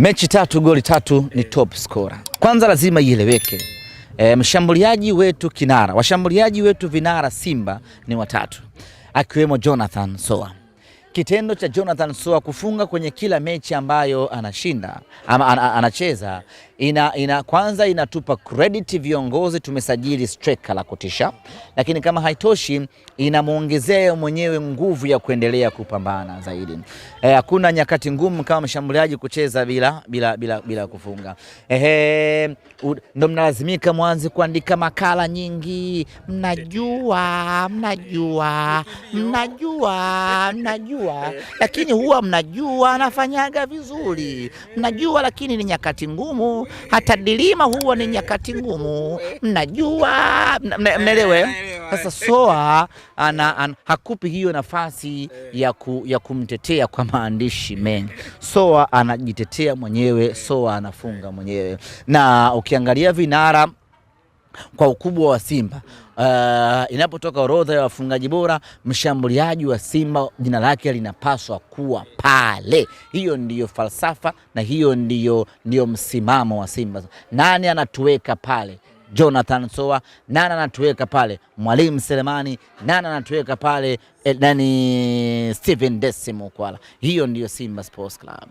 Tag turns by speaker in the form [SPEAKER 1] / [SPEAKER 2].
[SPEAKER 1] mechi tatu goli tatu ni eh. top scorer. Kwanza lazima ieleweke e, mshambuliaji wetu kinara, washambuliaji wetu vinara Simba ni watatu akiwemo Jonathan Soa Kitendo cha Jonathan Soa kufunga kwenye kila mechi ambayo anashinda ama an, an, anacheza ina, ina, kwanza inatupa credit viongozi, tumesajili striker la kutisha, lakini kama haitoshi inamwongezea mwenyewe nguvu ya kuendelea kupambana zaidi. Eh, hakuna e, nyakati ngumu kama mshambuliaji kucheza bila, bila, bila, bila kufunga. Ehe, ndo mnalazimika mwanze kuandika makala nyingi, mnajua mnajua mnajua mnajua mnajua, eh. lakini huwa mnajua anafanyaga vizuri, eh. mnajua, lakini ni nyakati ngumu. Hata dilima huwa ni nyakati ngumu, mnajua, mnaelewe. Eh? Sasa Soa ana, ana, hakupi hiyo nafasi ya, ku, ya kumtetea kwa maandishi mengi. Soa anajitetea mwenyewe, Soa anafunga mwenyewe, na ukiangalia vinara kwa ukubwa wa Simba. Uh, inapotoka orodha ya wafungaji bora, mshambuliaji wa Simba jina lake linapaswa kuwa pale. Hiyo ndiyo falsafa na hiyo ndiyo, ndiyo msimamo wa Simba. Nani anatuweka pale? Jonathan Soa. Nani anatuweka pale? Mwalimu Selemani. Nani anatuweka pale? Eh, nani? Steven Desimo Kwala. Hiyo ndiyo Simba Sports Club.